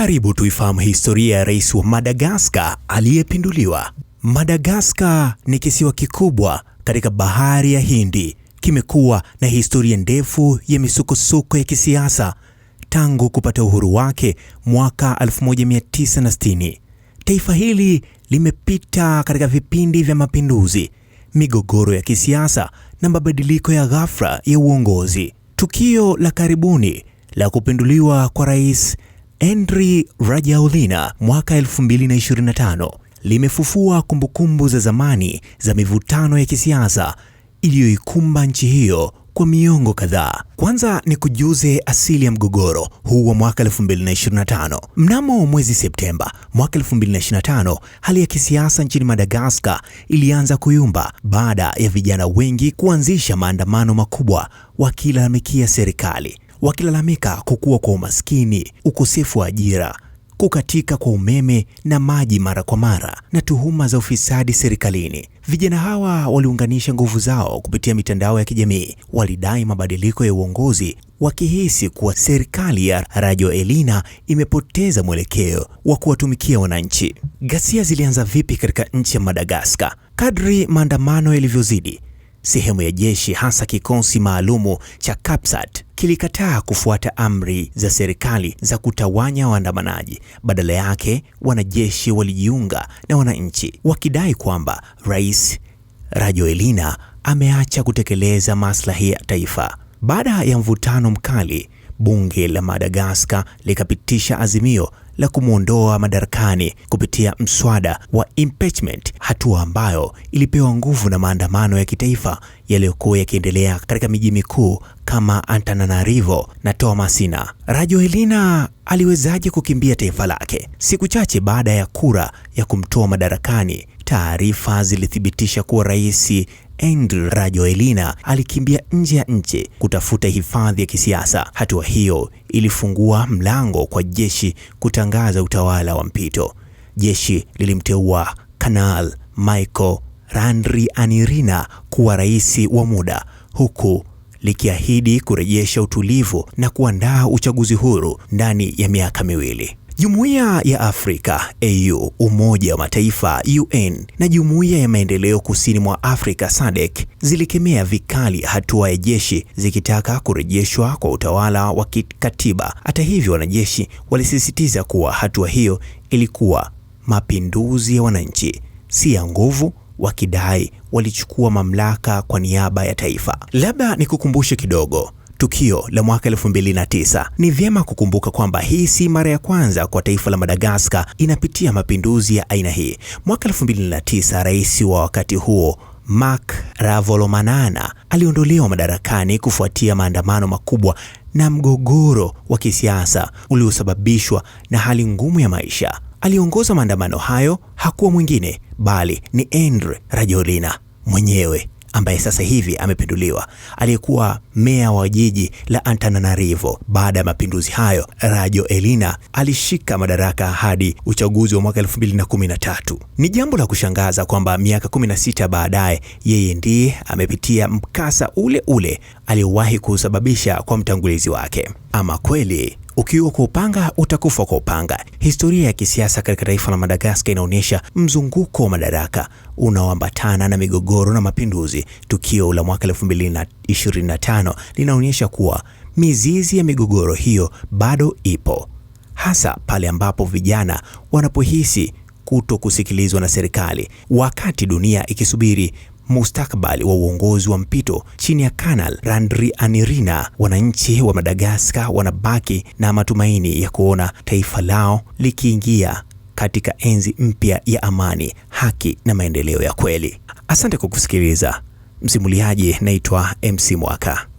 Karibu tuifahamu historia ya rais wa Madagascar aliyepinduliwa. Madagascar ni kisiwa kikubwa katika bahari ya Hindi. Kimekuwa na historia ndefu ya misukosuko ya kisiasa tangu kupata uhuru wake mwaka 1960. Taifa hili limepita katika vipindi vya mapinduzi, migogoro ya kisiasa na mabadiliko ya ghafla ya uongozi. Tukio la karibuni la kupinduliwa kwa rais Henry rajaulina mwaka 2025 limefufua kumbukumbu za zamani za mivutano ya kisiasa iliyoikumba nchi hiyo kwa miongo kadhaa. Kwanza ni kujuze asili ya mgogoro huu wa mwaka 2025. Mnamo mwezi Septemba mwaka 2025, hali ya kisiasa nchini Madagascar ilianza kuyumba baada ya vijana wengi kuanzisha maandamano makubwa wakilalamikia serikali wakilalamika kukua kwa umaskini, ukosefu wa ajira, kukatika kwa umeme na maji mara kwa mara na tuhuma za ufisadi serikalini. Vijana hawa waliunganisha nguvu zao kupitia mitandao ya kijamii, walidai mabadiliko ya uongozi wakihisi kuwa serikali ya Radio Elina imepoteza mwelekeo wa kuwatumikia wananchi. Ghasia zilianza vipi katika nchi ya Madagaskar? Kadri maandamano yalivyozidi, sehemu ya jeshi hasa kikosi maalumu cha Capsat kilikataa kufuata amri za serikali za kutawanya waandamanaji. Badala yake, wanajeshi walijiunga na wananchi wakidai kwamba Rais Rajoelina ameacha kutekeleza maslahi ya taifa. Baada ya mvutano mkali, bunge la Madagaskar likapitisha azimio la kumwondoa madarakani kupitia mswada wa impeachment, hatua ambayo ilipewa nguvu na maandamano ya kitaifa yaliyokuwa yakiendelea katika miji mikuu kama Antananarivo na Toamasina. Rajoelina aliwezaje kukimbia taifa lake? Siku chache baada ya kura ya kumtoa madarakani, taarifa zilithibitisha kuwa Rais Andry Rajoelina alikimbia nje ya nchi kutafuta hifadhi ya kisiasa. Hatua hiyo ilifungua mlango kwa jeshi kutangaza utawala wa mpito. Jeshi lilimteua Kanal Michael Randrianirina kuwa rais wa muda huku likiahidi kurejesha utulivu na kuandaa uchaguzi huru ndani ya miaka miwili. Jumuiya ya Afrika AU, Umoja wa Mataifa UN na Jumuiya ya Maendeleo Kusini mwa Afrika SADC zilikemea vikali hatua ya jeshi zikitaka kurejeshwa kwa utawala wa kikatiba. Hata hivyo, wanajeshi walisisitiza kuwa hatua hiyo ilikuwa mapinduzi ya wananchi, si ya nguvu wakidai walichukua mamlaka kwa niaba ya taifa. Labda nikukumbushe kidogo tukio la mwaka 2009. Ni vyema kukumbuka kwamba hii si mara ya kwanza kwa taifa la Madagascar inapitia mapinduzi ya aina hii. Mwaka 2009, rais wa wakati huo Marc Ravalomanana aliondolewa madarakani kufuatia maandamano makubwa na mgogoro wa kisiasa uliosababishwa na hali ngumu ya maisha. Aliongoza maandamano hayo hakuwa mwingine bali ni Endre Rajoelina mwenyewe ambaye sasa hivi amepinduliwa, aliyekuwa meya wa jiji la Antananarivo baada ya mapinduzi hayo, Rajo Elina alishika madaraka hadi uchaguzi wa mwaka 2013. Ni jambo la kushangaza kwamba miaka 16 baadaye yeye ndiye amepitia mkasa ule ule aliyowahi kusababisha kwa mtangulizi wake. Ama kweli ukiwa kwa upanga utakufa kwa upanga. Historia ya kisiasa katika taifa la Madagaskar inaonyesha mzunguko wa madaraka unaoambatana na migogoro na mapinduzi. Tukio la mwaka 2025 linaonyesha kuwa mizizi ya migogoro hiyo bado ipo, hasa pale ambapo vijana wanapohisi kuto kusikilizwa na serikali, wakati dunia ikisubiri mustakbali wa uongozi wa mpito chini ya kanal randri anirina wananchi wa Madagaskar wanabaki na matumaini ya kuona taifa lao likiingia katika enzi mpya ya amani, haki na maendeleo ya kweli. Asante kwa kusikiliza. Msimuliaji naitwa MC Mwaka.